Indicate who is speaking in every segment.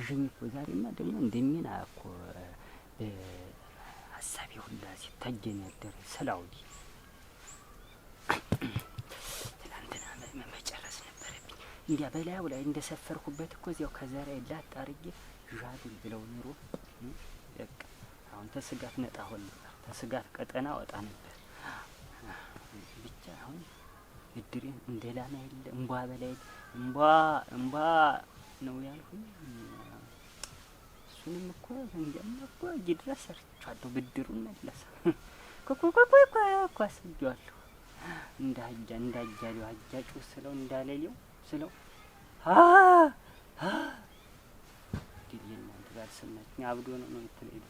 Speaker 1: አዣኝ እኮ ዛሬማ ደግሞ እንደሚና እኮ ሀሳቤ ሁላ ሲታየኝ ያደረ ስላውዲ ትናንትና መጨረስ ነበረብኝ። እንዲያ በላዩ ላይ እንደሰፈርኩበት እኮ እዚያው ከዛሬ ላጥ አርጌ ዣድን ብለው ኑሮ በቃ አሁን ተስጋት ነጣ ሆን ነበር፣ ተስጋት ቀጠና ወጣ ነበር። ብቻ አሁን እድሬን እንደላና የለ እንቧ በላይ እንቧ እንቧ ነው ያልኩኝ። እሱንም እኮ እንጃም እኮ እጅ ድረስ ሰርቻለሁ። ብድሩን መለሰ እንደ አጃ እንደ ስለው ስለው የእናንተ አብዶ ነው ነው የምትለኝ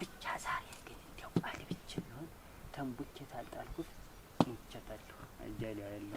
Speaker 1: ብቻ ዛሬ ግን እንዲያው አልብቼ ቢሆን ታልጣልኩት ያለው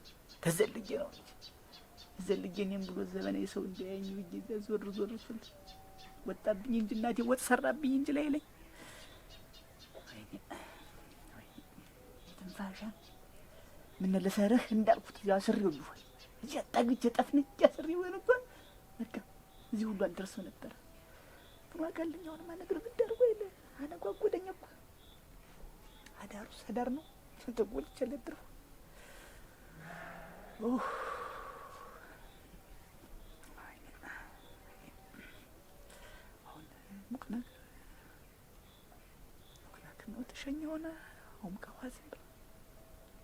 Speaker 1: ተዘልጌ ነው ተዘልጌ እኔም ብሎ ዘበና የሰው እንዳያኝ ብዬ እዚያ ዞር ዞር ስል ወጣብኝ እንጂ እናቴ ወጥ ሰራብኝ እንጂ ላይ ላይ ትንፋሻ ምን ልሰርህ እንዳልኩት እዚያ አስሬው ይሆን እዚያ ጠግቼ ጠፍንቼ አስሬው ነበር። በቃ እዚህ ሁሉ አልደርሰው ነበር። ተማካልኝ አሁንማ ነገር ብዳርጎ የለ አነጓጎደኛ እኮ አዳሩስ አዳር ነው ተጎልቼ ለደርኩ ሙቅ ነገር የሆነ አሁን ከዋዝ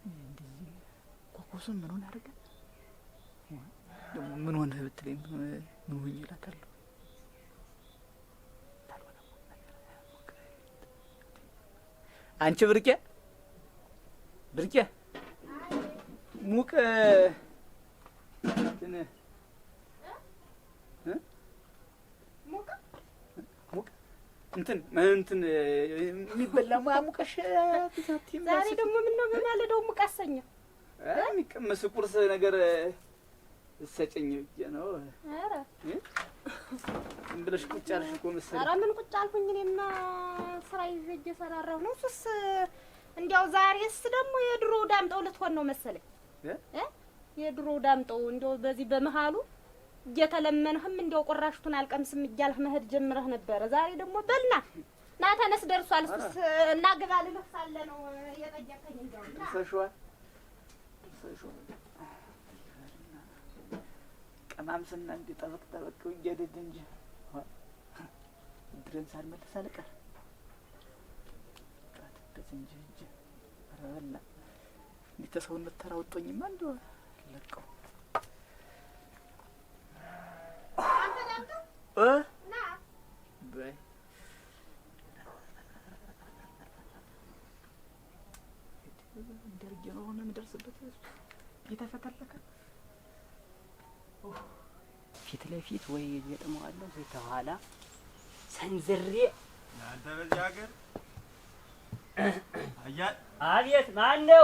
Speaker 1: እንደዚህ ኮኮሱን ምን ሆነ አደረገ ደግሞ ምን ሆነ ብትለኝ ምን ሆኜ እላታለሁ። አንቺ ብርቄ ብርቄ ሙቅ እንትን እንትን የሚበላ ሙያ ሙቀሽ ዛሬ ደግሞ ምነው በማለዳው ሙቅ አሰኘ። የሚቀመስ ቁርስ ነገር እሰጨኝ ብዬ ነው። ኧረ ምን ብለሽ ቁጭ አልሽ እኮ መሰለኝ። ኧረ ምን ቁጭ አልኩኝ? እኔማ ስራ ይዤ እየሰራራሁ ነው። እሱስ እንዲያው ዛሬስ ደግሞ የድሮ ዳምጠው ልትሆን ነው መሰለኝ የድሮ ዳምጠው እንደው በዚህ በመሃሉ እየተለመንህም እንደው ቆራሽቱን አልቀምስም እያልህ መሄድ ጀምረህ ነበረ። ዛሬ ደግሞ በልና ና ተነስ፣ ደርሷል እና ግባ ልልህ ሳለ ነው የጠየቀኝ። እንደው ቅማም ስና እንዲ ጠበቅ ጠበቅ እየድድ እንጂ ድረን ሳልመለስ አልቀር እንጂ እንጂ ረበላ ቤተሰቡን መተራ ወጦኝማ እንደው ለቀው እንደርጌ ነው ሆነ የምደርስበት ፊት ለፊት ወይ እየጥመዋለሁ ወይ ተኋላ ሰንዝሬ አንተ በዚህ ሀገር አቤት ማን ነው?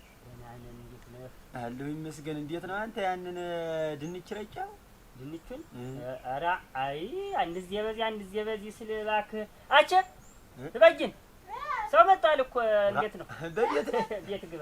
Speaker 1: አለሁ ይመስገን። እንዴት ነው አንተ ያንን ድንች ረጫው? ድንቹን ኧረ አይ አንድ እዚህ በዚህ አንድ እዚህ በዚህ ስል እባክህ አቸ ትበጅን ሰው መጣል እኮ እንዴት ነው? በቤት ቤት ግባ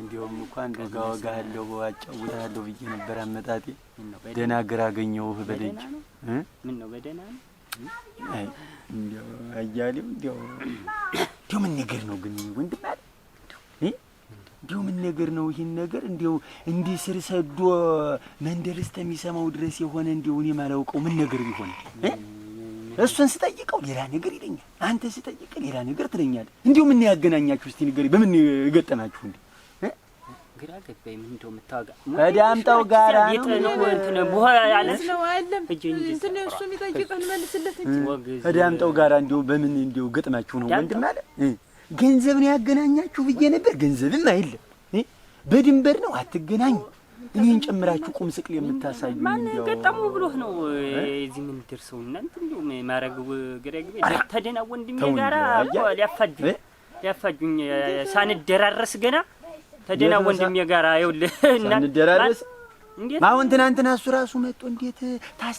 Speaker 1: እንዲሁም እንኳን ወጋ ወጋ ምን ነገር ነው ግን ወንድም አለ እንዲያው ምን ነገር ነው ይህን ነገር እንዲያው እንዲህ ስር ሰዶ መንደር እስከሚሰማው ድረስ የሆነ እንዲያው እኔ ማላውቀው ምን ነገር ቢሆን እሱን ስጠይቀው ሌላ ነገር ይለኛል። አንተ ስጠይቀ ሌላ ነገር ትለኛል። እንዲሁ ምን ያገናኛችሁ እስቲ ንገሪ። በምን ገጠማችሁ? እንዴ ግራ ገባኝ። ምን እንደው የምታወጋ ከዳምጣው ጋር ከዳምጣው ጋር እንዲሁ በምን እንዲሁ ገጥማችሁ ነው ወንድም አለ። ገንዘብ ነው ያገናኛችሁ ብዬ ነበር። ገንዘብም አይደለም በድንበር ነው አትገናኙ እኔን ጨምራችሁ ቁም ስቅል የምታሳዩ ማን ገጠሙ ብሎህ ነው እዚህ ምን ደርሰው እናንተ እንደው ማረግ ግረግቤ ተደና ወንድሜ ጋራ ሊያፋጁ ሊያፋጁኝ ሳንደራረስ ገና ተደና ወንድሜ ጋራ ይኸውልህ እና ሳንደራረስ እንዴት አሁን ትናንትና እሱ ራሱ መጥቶ እንዴት ታስ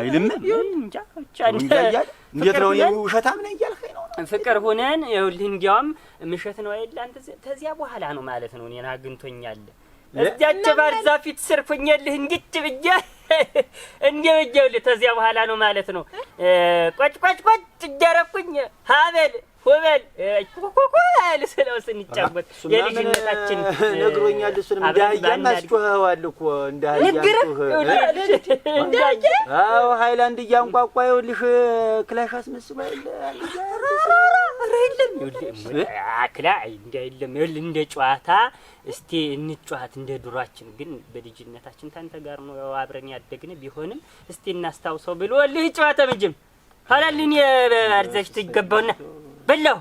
Speaker 1: አይልም። እንዴት ነው ውሸታም እያልከኝ ነው? ፍቅር ሁነን ይኸውልህ፣ እንዲያውም ምሸት ነው አይደል? አንተ ተዚያ በኋላ ነው ማለት ነው እኔን አግኝቶኛል። እዚያች ባህር ዛፍ ፊት ስር እንግጭ ብዬ እንዴ ብዬ ይኸውልህ፣ ተዚያ በኋላ ነው ማለት ነው። ቆጭ ቆጭ ቆጭ እያረኩኝ ሀበል ሁበል ኮኮኮል ስለው ስንጫወት የልጅነታችን ነግሮኛል። እሱንም እንዳህያም አስጮኸዋል እኮ እንዳህያችሁ አዎ፣ ሀይላንድ እያንቋቋ ይኸውልሽ ክላሽ አስመስሎ ክላ የለም ይኸውልህ፣ እንደ ጨዋታ እስቲ እንጨዋት እንደ ድሯችን። ግን በልጅነታችን ታንተ ጋር ነው አብረን ያደግን ቢሆንም እስቲ እናስታውሰው ብሎ ልህ ጨዋታ መቼም ኋላ ልን አርዘሽ ትገባውና በላው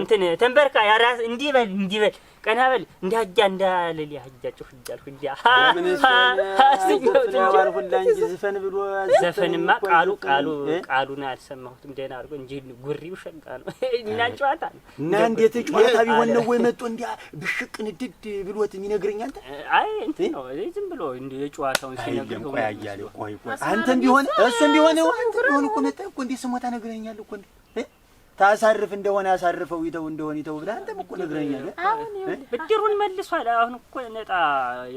Speaker 1: እንትን ተንበርካ ያራስ እንዲህ በል እንዲህ በል ቀና በል እንዲህ አጃ ያጃ ጮህ እያልኩ እንዲህ ዘፈን ብሎ ዘፈንማ ቃሉ ቃሉ ቃሉን አልሰማሁትም ደህና አድርጎ እንጂ ጉሪው ሸጋ ነው እና ጨዋታ ነው እና እንዴት ጨዋታ ቢሆን ነው ወይ መጥቶ እንዲህ ብሽቅ ንድድ ብሎት የሚነግረኝ አንተ? አይ እንትን ነው ዝም ብሎ እንዲህ የጨዋታውን ሲነግረው ቆይ አያሌው ቆይ ቆይ አንተም ቢሆን እሱም ቢሆን እኮ መጣ እኮ እንዲህ ስሞታ ነግረኛል እኮ እንዲህ ታሳርፍ እንደሆነ ያሳርፈው ይተው እንደሆነ ይተው ብለህ አንተም እኮ ነግረኛለህ። አሁን ብድሩን መልሷል። አሁን እኮ ነጣ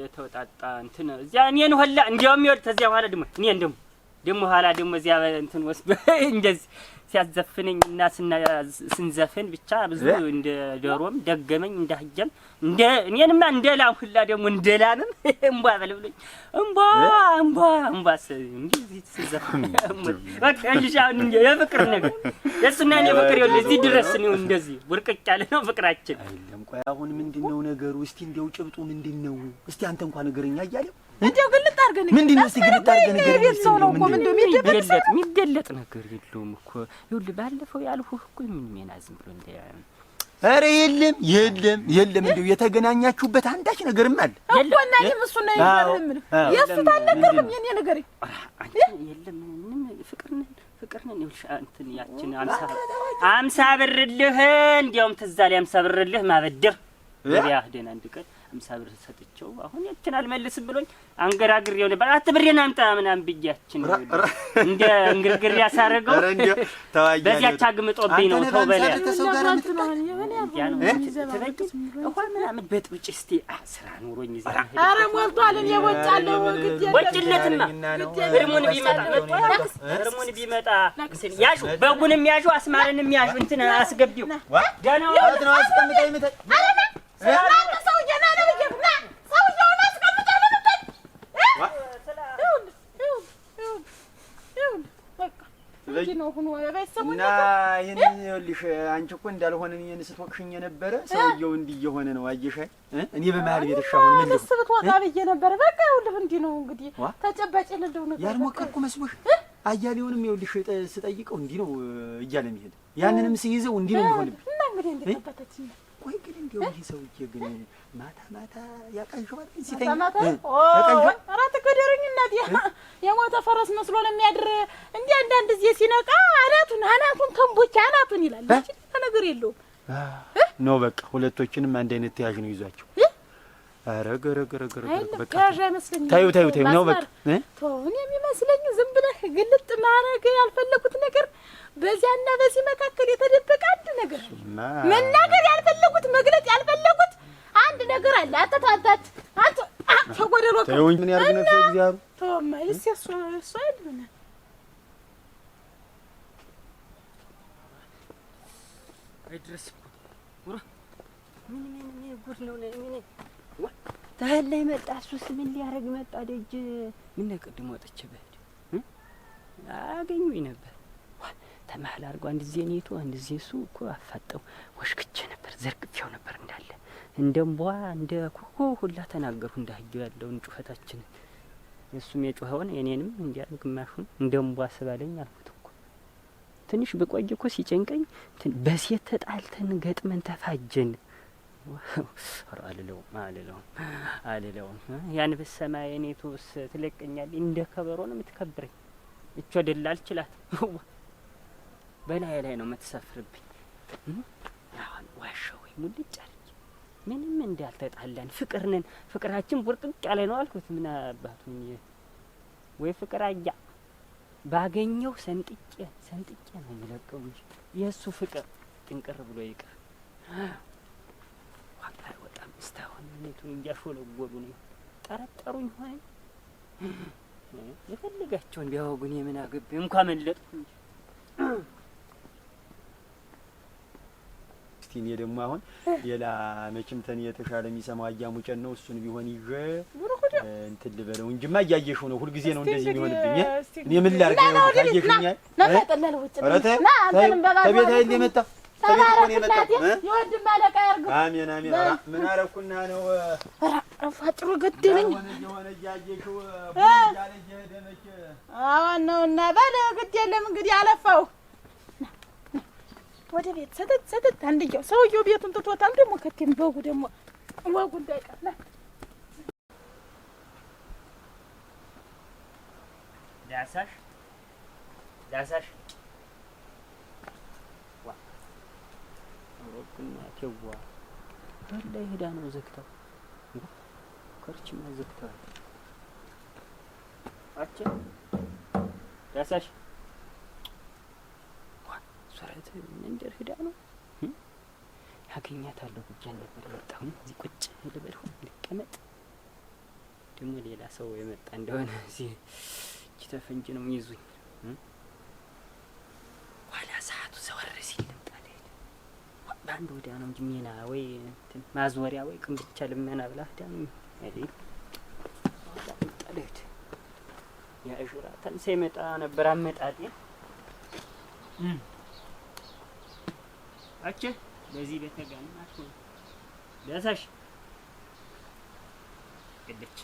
Speaker 1: የተወጣጣ እንትን እዚያ እኔን ሆላ እንዲያውም ይወል ተዚያ በኋላ ደግሞ እኔን ደግሞ ደግሞ ኋላ ደግሞ እዚያ እንትን ወስ እንደዚህ ሲያዘፍነኝ እና ስንዘፍን ብቻ ብዙ እንደ ዶሮም ደገመኝ እንደ አህያም እንደ እኔንማ እንደ ላም ሁላ ደግሞ እንደ ላምም እምቧ በል ብሎኝ እምቧ እምቧ እምቧ በቃ ልጅ የፍቅር ነገር የእሱና እኔ ፍቅር የለ እዚህ ድረስ ነው። እንደዚህ ውርቅቅ ያለ ነው ፍቅራችን። አይደለም ቆይ አሁን ምንድን ነው ነገሩ? እስቲ እንዲያው ጭብጡ ምንድን ነው? እስቲ አንተ እንኳ ነገረኛ እያለው እንዴው ግልጥ አድርገህ ንገረኝ። ምንድን ነው እስኪ ግልጥ አድርገህ ንገረኝ። ቤት ሰው ነው እኮ ምንድን ነው የሚደበቅ የሚደለጥ ነገር የለውም እኮ። ይኸውልህ ባለፈው ያልሁህ እኮ ምን ሜና ዝም ብሎ እንደ ኧረ የለም የለም የለም። እንዴው የተገናኛችሁበት አንዳች ነገርም አለ እኮ እና እኔም እሱ ነው የምልህ። የእሱ ታልነገርህም የእኔ ንገረኝ። የለም ምንም ፍቅር ነን ፍቅር ነን። ይኸውልሽ እንትን ያችን አምሳ አምሳ ብርልህ እንዲያውም ትዝ አለኝ አምሳ ብርልህ ማበደር ገበያ ሄደን እንድቀር ሀምሳ ብር ሰጥቼው አሁን ያችን አልመልስም ብሎኝ አንገራግር የሆነ ነበር። ብሬን አምጣ ምናምን ብያችን እንደ እንግርግር ያሳረገው በዚያች አግምጦብኝ ነው። ተው በለያ ውሃ ምናምን በጥብጭ እስቲ ስራ ኑሮኝ ይዘ ኧረ ሞልቷል። እኔ ወጫለሁ። ወጭነትማ እርሙን ቢመጣ እርሙን ቢመጣ ያሹ በጉንም ያሹ አስማርንም ያሹ እንትን አስገቢው ደህና ነው አስቀምጠ ልጅ እና ይህን ይኸውልሽ፣ አንቺ እኮ እንዳልሆነ እኔን ስትወቅሽኝ የነበረ ሰውየው እንዲህ እየሆነ ነው። አየሽ፣ እኔ በመሀል ቤትሽ አሁን ምን ልስብት ወጣ ብዬ ነበር። በቃ ይኸውልህ፣ እንዲህ ነው እንግዲህ ተጨባጭ ልንደው ነገር ያልሞከርኩ መስሎሽ አያሌውንም ይኸውልሽ ስጠይቀው እንዲህ ነው እያለ የሚሄድ ያንንም ስይዘው እንዲህ ነው የሚሆንብኝ። እና እንግዲህ እንዴት አባታችን ቆይ ግን እንዲያው ይህ ሰውዬ ግን ማታ ማታ ያቃዥዋል ሲተኛ ማታ ኧረ ትገደሩኝ የሞተ ፈረስ መስሎ ነው የሚያድር እንጂ አንዳንድ ጊዜ ሲነቃ አናቱን አናቱን ከምቦቻ አናቱን ይላል። ነገር የለውም ነው በቃ። ሁለቶችንም አንድ አይነት ተያዥ ነው ይዟቸው። ኧረ ገረ ተያዥ አይመስለኝም። ታዩ ታዩ ታዩ ነው በቃ። እኔ የሚመስለኝ ዝም ብለህ ግልጥ ማረግ ያልፈለኩት ነገር በዚያና በዚህ መካከል የተደበቀ አንድ ነገር መናገር ያልፈለጉት መግለጥ ያልፈለጉት አንድ ነገር አለ። አተታታት አንተ ተጎደሎ ምን ያርግ ነፍሴ እግዚአብሔር ተወማ ይስያሱ ሰድ ምን አይድረስ ወራ ምን እሱስ ምን ሊያረግ መጣ? ደጅ ምን ቅድም ወጥቼ በሄድ አገኙኝ ነበር ተመህል አድርጎ አንድ ዜ ኔቱ አንድ ዜ እሱ እኮ አፋጠው ወሽክቼ ነበር ዘርግፌው ነበር እንዳለ እንደ እምቧ እንደ ኮኮ ሁላ ተናገርኩ። እንዳህየው ያለውን ጩኸታችንን እሱም የጮኸውን እኔንም እንዲያ ግማሹን እንደ እምቧ ስባለኝ አልኩት እኮ ትንሽ ብቆይ እኮ ሲጨንቀኝ በሴት ተጣልተን ገጥመን ተፋጀን አልለውም አልለውም አልለውም። ያን ብሰማ የኔቱስ ትለቀኛል። እንደ ከበሮ ነው የምትከብረኝ። እቿ ደላ አልችላት በላይ ላይ ነው የምትሰፍርብኝ። አሁን ዋሻው ሙልጭ አለች። ምንም እንዳልተጣላን ፍቅር ነን፣ ፍቅራችን ቡርቅቅ ያለ ነው አልኩት። ምን አባቱ ወይ ፍቅር አያ ባገኘው ሰንጥቄ ሰንጥቄ ነው የሚለቀው እንጂ የእሱ ፍቅር ጥንቅር ብሎ ይቅር። ዋጋ ወጣ እስካሁን ሁኔቱን እያሾለጎሉ ነው። ጠረጠሩኝ ሆነ የፈልጋቸውን ቢያወጉን የምን አገቤ እንኳ መለጥኩ እንጂ እስቲ እኔ ደግሞ አሁን ሌላ መቼም ተን የተሻለ የሚሰማው አያሙጨን ነው። እሱን ቢሆን ይዤ እንትን ልበለው እንጂማ እያየሽው ነው። ሁልጊዜ ነው እንደዚህ የሚሆንብኝ። እኔ ምን ላድርግ? አየሽኛል። ከቤት ኃይል የመጣ ነው አጭሩ ገደለኝ። ዋናውና በል ግድ የለም እንግዲህ አለፋው ወደ ቤት ሰጠት ሰጠት። አንድየው ሰውየው ቤቱን ትቶታል። ደግሞ ከቴም በጉ ደግሞ ወጉ እንዳይቀር ዳሳሽ ዳሳሽ ሮግናቴዋ ሄዳ ነው ዘግተው ከርችማ ዘግተዋል። አቸ ዳሳሽ ሱረት መንደር ሂዳ ነው ያገኛታለሁ ብቻ ነበር የመጣሁ። እዚህ ቁጭ ልበል ልቀመጥ። ደግሞ ሌላ ሰው የመጣ እንደሆነ እዚህ እጅ ፈንጅ ነው ይዙኝ። ኋላ ሰዓቱ ዘወር ሲል ልምጣ ልሄድ። በአንድ ወዲያ ነው እንጂ ሜና ወይ እንትን ማዝወሪያ ወይ ቅም ብቻ ልመና ብላ ዳ ነው አይደል? ያ እሹራ ተንሰ ይመጣ ነበር አመጣጤ አቸ በዚህ ቤተጋን አትሆን ደሰሽ ግድች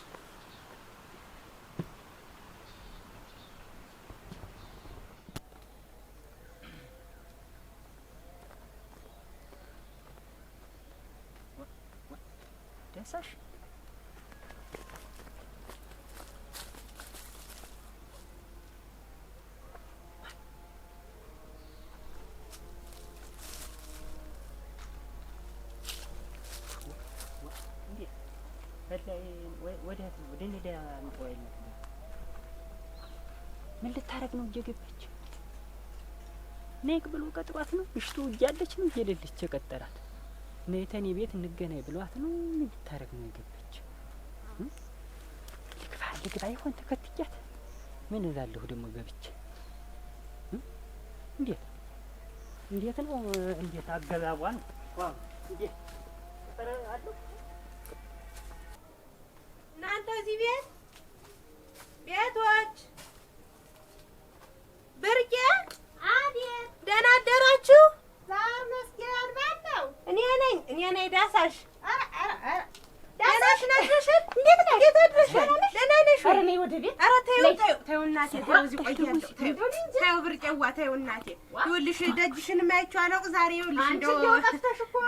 Speaker 1: ወደ ወደ ኔዳ ንቆይል ምን ልታረግ ነው? እየገባች ነይክ ብሎ ቀጥሯት ነው። እሽቱ እያለች ነው እየሌለች የቀጠራት ነይ ተኔ ቤት እንገናኝ ብሏት ነው። ምን ልታረግ ነው? የገባች ልግባ ልግባ ይሆን ተከትያት ምን እላለሁ ደግሞ ገብቼ እንዴት እንዴት ነው እንዴት አገባቧን እንዴት አለሁ እዚህ ቤት ቤቶች ብርቄ አቤት፣ ደህና አደራችሁ። ዛር መስጊድ ባለው እኔ ነኝ እኔ ነኝ ዳሳሽ ዳሳሽ ነሽ። ነሽ? እንዴት አድረሽ? ደህና ነሽ? ኧረ ነይ ወደ ቤት። ኧረ ተይው ተይው ተይው እናቴ ተይው፣ እዚህ ቆያለሁ። ተይው ብርቄዋ፣ ተይው እናቴ። ይኸውልሽ ደጅሽን የማያቸው አላውቅ ዛሬ። ይኸውልሽ እንደው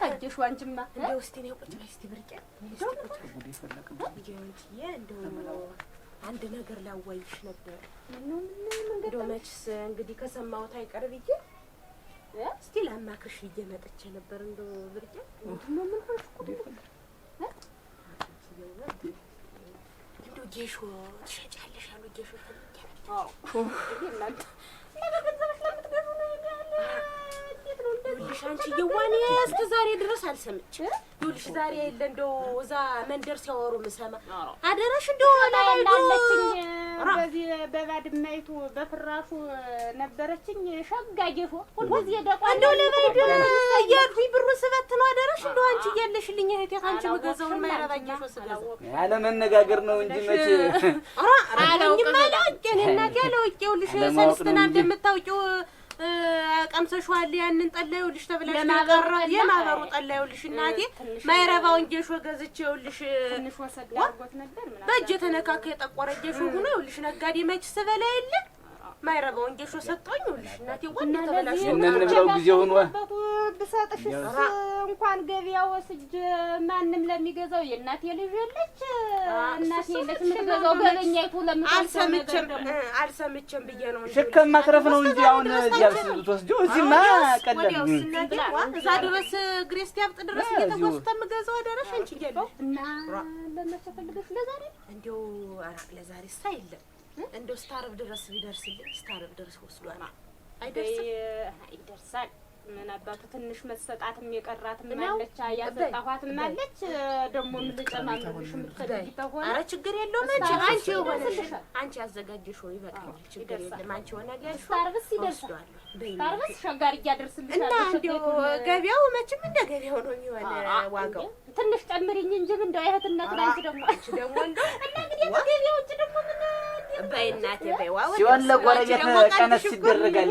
Speaker 1: ታየሽ አንቺማ። እንደው እስኪ ነው ቁጭ በይ እስኪ ብርቄ፣ እንደው አንድ ነገር ላዋይሽ ነበር። እንደው መችስ እንግዲህ ከሰማሁት አይቀር ብዬ እስኪ ላማክርሽ ብዬ መጥቼ ነበር። እንደው ብርቄ እንደው ጌሾ ትሸጫለሽ አሉ። ጌሾ ይኸውልሽ አንቺ የዋኔ እስከ ዛሬ ድረስ አልሰምችም። ይኸውልሽ ዛሬ የለ እንደው እዛ መንደር ሲያወሩ ምሰማ አደረሽ እንደው ላለችኝ በዚህ በባድማይቱ በፍራሹ ነበረችኝ ሸጋጌፎ ሁልጊዜ ደቋ እንደው ለበድ እያልኩኝ ብሩ ስበት ነው አደረሽ እንደው አንቺ እያለሽልኝ እህቴ ከአንቺ ብገዛውን ማይረባ ጌሾ ያለ መነጋገር ነው እንጂ መቼ አላውቅም አላውቄ እኔ እናቴ አላውቄ ይኸውልሽ ሰልስትና እንደምታውቂው ቀምሰሽዋል ያንን ጠላ ይኸውልሽ ተብለሽ የቀረው የማህበሩ ጠላ ይኸውልሽ እናቴ ማይረባውን ጌሾ ገዝቼ ይኸውልሽ በእጅ የተነካካ የጠቆረ ጌሾ ሆኖ ይኸውልሽ ነጋዴ መች ስበላ የለ ማይረባው እንጌሾ ሰጠኝ። ይኸውልሽ እናቴ ወንድ ተበላሽ እንብለው ጊዜ ሆኖ ብሰጥሽስ እንኳን ገበያ ወስጄ ማንም ለሚገዛው የእናቴ ልጅ የለች እናቴ የለች የምትገዛው ገበኛይቱ ለምታልሰምችም አልሰምችም ብዬ ነው ሽከም ማትረፍ ነው እንጂ አሁን እዚያስ ብትወስጂው እዚህማ ቀደም እዛ ድረስ እግሬ ድረስ እየተጓዝኩ ተምገዛው አደረሽ አንቺ እያለሁ እና ለመቸፈልገሽ ለዛሬ እንዲያው ኧረ ለዛሬ ሳ የለም እንደው ስታርብ ድረስ ቢደርስልኝ ስታርብ ድረስ ወስዷል። አይደርስም? ይደርሳል ምን አባቱ ትንሽ መሰጣትም የቀራትም አለች፣ ያሰጣኋትም አለች። ደግሞ የምትጨማምርልሽ የምትፈልጊ ሆነ። ኧረ ችግር የለውም አንቺ የሆነሽ አንቺ ያዘጋጀሽው ይበቃኛል፣ ችግር የለም። አንቺ የሆነ ታርብስ ይደርሳል፣ ታርብስ ሸጋር እያደርስልሽ እና እንዲያው ገበያው መቼም እንደ ገበያው ነው የሚሆን ዋጋው። ትንሽ ጨምሪኝ እንጂ ምን እንደው አይህትነት ላንቺ ደግሞ እንደው እና እንግዲህ ገበያው ደግሞ ምን በይ እናቴ በይ፣ ሲሆን ለጎረቤት ቀነስ ይደረጋል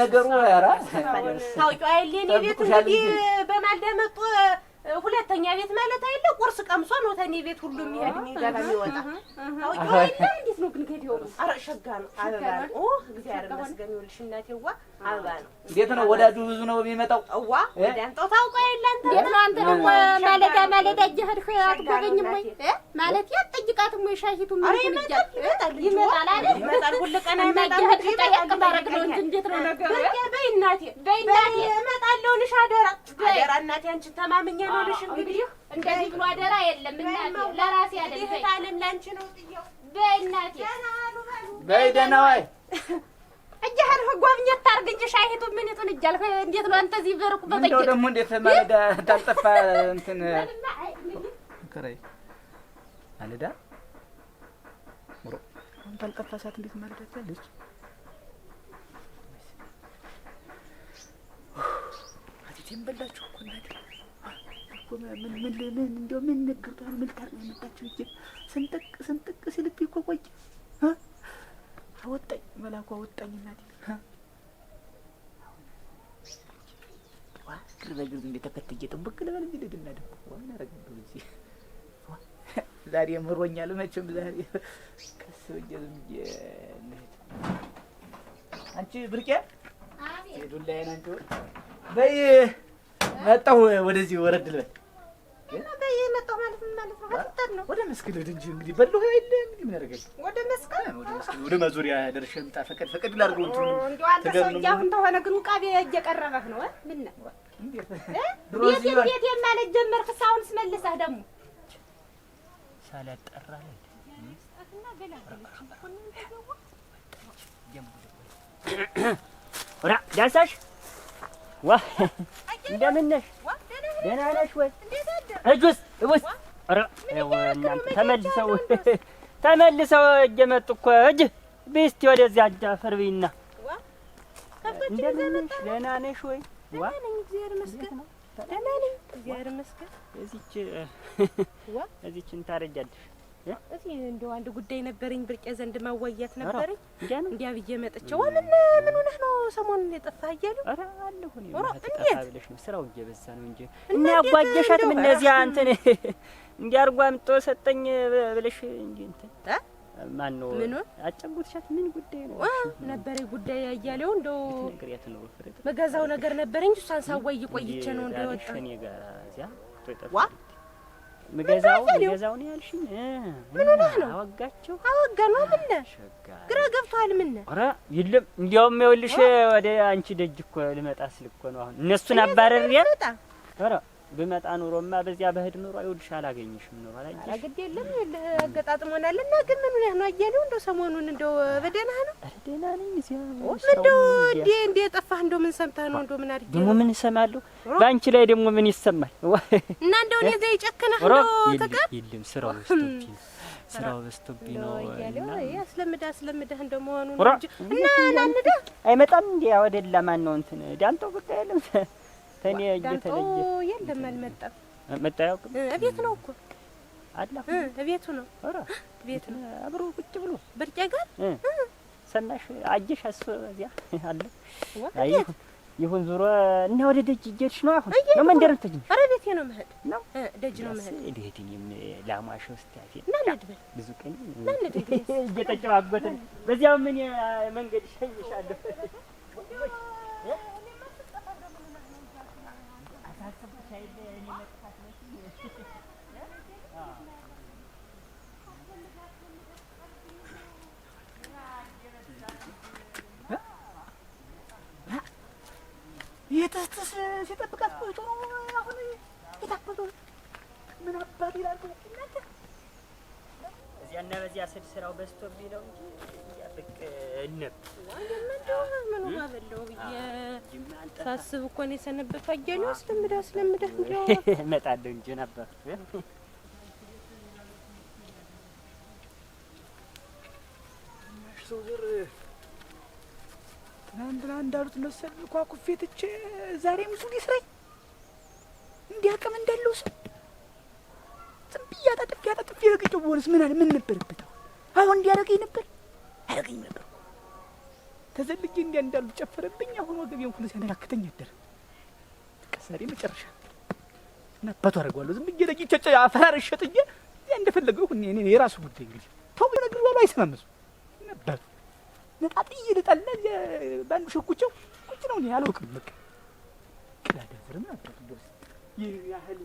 Speaker 1: ነገሩ ኧረ ታውቂው አይደል የእኔ ቤት እንግዲህ በማልደመጡ ሁለተኛ ቤት ማለት አይደለ ቁርስ ቀምሶ ነው ተኔ ቤት ሁሉ የሚሄድ የሚገባ የሚወጣ። እንዴት ነው ግን ገዲው? ኧረ ሸጋ ነው አበባ ነው። ኦ እግዚአብሔር ይመስገን። ይኸውልሽ እናቴዋ አበባ ነው። እንዴት ነው ወዳጁ ብዙ ነው የሚመጣው። እዋ ወዳንጣው ታውቆ የለ አንተ ነው አንተ ነው ማለዳ ማለዳ እየሄድክ አትጎበኝም ወይ ማለት ያ ጠይቃትም ወይ ሻሂቱ ምን ይመጣል ይመጣል አይደል ይመጣል። ሁሉ ቀን አይመጣም። ጠይቅ ማድረግ ነው እንጂ እንዴት ነው ነገሩ? በይ እናቴ በይ እናቴ እመጣለሁ ልሽ አደራ አደራ እናቴ አንቺን ተማምኛ ብሎልሽ እንግዲህ እንደዚህ ብሎ አደራ የለም እናቴ፣ ለራሴ አይደለም ታለም ላንቺ ነው ጥየው በእናቴ በይ ደህና ዋይ እያህል ጎብኘት ታርግኝ ሻሂቱ ምንቱን እያልክ እንዴት ነው አንተ እዚህ በርኩ በጠየቅ እንደው ደግሞ እንዴት ማለዳ እንዳልጠፋ እንትን ከራይ ማለዳ ሙሮ እንዳልጠፋ ሰዓት እንዴት ማለዳ ትላለች ምን ምን ምን እንደው ምን ነግቷል? ምን ታር ነው የመጣችው? እጅ ስንጥቅ ስንጥቅ ሲልብኝ እኮ ቆየ። አወጣኝ መላኩ አወጣኝ። እናቴ ግር በግር እንደ ተከትዬ ጥብቅ ልበል እንጂ ልድና ደግሞ ምን አረግብህ እዚህ ዛሬ ምሮኛል። መቼም ዛሬ ቀስ ብዬ ዝም ብዬ እንሂድ። አንቺ ብርቄ ዱላዬን አንቺ በይ መጣሁ ወደዚህ ወረድ ልበል የመጣው ማለት ምን ማለት ነው? አጥተን ነው ወደ መስክ ልሂድ እንጂ እንግዲህ በለው አይደል? እንግዲህ ምን አደረገች? ወደ መስክ ወደ መስክ ወደ ማዞሪያ ደርሼ ምጣ። ፈቀድ ፈቀድ ላድርገው እንትን እንደው አንተ ሰውዬ አሁን ተሆነ ግን ውቃቤ እየቀረበህ ነው። ምን ነው ቤት ቤት ማለት ጀመርክ? አሁንስ መልሰህ ደግሞ ሳላጠራ ላይ ዳሳሽ ዋ እንደምን ነሽ? ደህና ነሽ ወይ? እጅ ውስጥ ተመልሰው ተመልሰው እየመጡ እኮ እጅ ቢስቲ ወደዚያ አዳፈር ብይና እንደምን ነሽ? ደህና ነሽ ወይ? ዋ እዚህች እዚህችን ታረጃለሽ እዚህ እንደው አንድ ጉዳይ ነበረኝ፣ ብርቄ ዘንድ ማዋያት ነበረኝ። እንዲያ ብዬ መጥቼ ምን ምን ሆነህ ነው ሰሞኑን የጠፋህ እያሉ ኧረ አለሁ እኔ ብለሽ ነው። ስራው እየበዛ ነው እንጂ እና ያጓጀሻትም እነዚያ እንትን እንዲህ አድርጎ ሰጠኝ ብለሽ እንጂ እንትን ማን ነው ምን አጫጎትሻት? ምን ጉዳይ ነው ነበረ ጉዳይ ያያሌው እንደው መጋዛው ነገር ነበረኝ። እሷን ሳዋይ ቆይቼ ነው እንደወጣሁ እኔ ጋር እዚያ ምገዛው ምገዛው ነው ያልሽኝ? ምን ሆነህ ነው? አወጋቸው አወጋ ነው። ምን ግራ ገብቶሃል? ምን ኧረ የለም። እንዲያውም ይኸውልሽ ወደ አንቺ ደጅ እኮ ልመጣ ስል እኮ ነው አሁን እነሱን አባረር ያ ኧረ ብመጣ ኑሮማ በዚያ በህድ ኑሮ አይወድሽ አላገኝሽም ኑሮ አላየሽ። ኧረ ግድ የለም አገጣጥሞናል። እና ግን ምን ሆነህ ነው? አየነው እንደው ሰሞኑን እንደው በደህና ነው? ኧረ ደህና ነኝ። እዚያ እንደው እንደ እንደ ጠፋህ እንደው ምን ሰምተህ ነው? እንደው ምን አድርጌ ደግሞ ምን እሰማለሁ? በአንቺ ላይ ደግሞ ምን ይሰማል? እና እንደው እኔ እዚያ ይጨክነህ ነው ተቀር የለም ስራው ስቶፒ ስራው በዝቶብኝ ነው እያለው አስለምዳ አስለምዳህ እንደ መሆኑ ነው እንጂ እና ናንዳ አይመጣም እንዲያ ወደ ላ ማን ነው እንትን ዳምጠው በቃ የለም ተኔ እየተለየ የለም አልመጣም። መጣ ያውቅም እቤት ነው እኮ አላ እቤቱ ነው ኧረ እቤቱ ነው አብሮ ቁጭ ብሎ ብርቄ ጋር ሰናሽ አየሽ አስ እዚያ አለ አይሁን ይሁን ዙሮ እና ወደ ደጅ እየሄድሽ ነው አሁን ነው መንደር እንትን ኧረ ቤቴ ነው መሄድ ነው ደጅ ነው መሄድ እዴት እኔም ላሟሽ ውስጥ ያፊ እና ልድበል ብዙ ቀን እና ልድበል እየተጨባበትን በዚያው ምን መንገድ ሸኝሻለሁ ቤትህ ትስ ሲጠብቃት ቆይቶ ነው አሁን የታፈሉ ምን አባት ይላሉ እናንተ። በዚያና በዚያ ስድ ስራው በዝቶብኝ ነው እንጂ ሳስብ እኮ ነው የሰነበቱ አያሌው አስለምዳ አስለምዳ እንዲያው እመጣለሁ እንጂ ነበር ሰው ትናንትና እንዳሉት መሰል ኳኩፌ ትቼ ዛሬ ሙሱን ይስራኝ እንዲያቅም እንዳለው ሰው ዝም ብዬ አጣጥፌ አጣጥፌ ረግጬው በሆነስ ምን አለ ምን ነበረበት? አሁን አሁን እንዲያደርገኝ ነበር አያደርገኝ ነበር። ተዘልጌ እንዲያ እንዳሉት ጨፈረብኝ። አሁን ወገቤን ሁሉ ሲያነካክተኝ አደረ። ዛሬ መጨረሻ እና አባቱ አደርገዋለሁ። ዝም ብዬ ረግጬ አፈራርሼ ጥዬ እንደፈለገው እኔ የራሱ ጉዳይ እንግዲህ ተው ነገር ባሉ አይሰማም ነጣጥዬ ልጠላ በአንዱ ሸጉቸው ቁጭ ነው። ያለው። አላውቅም። በቃ ያህል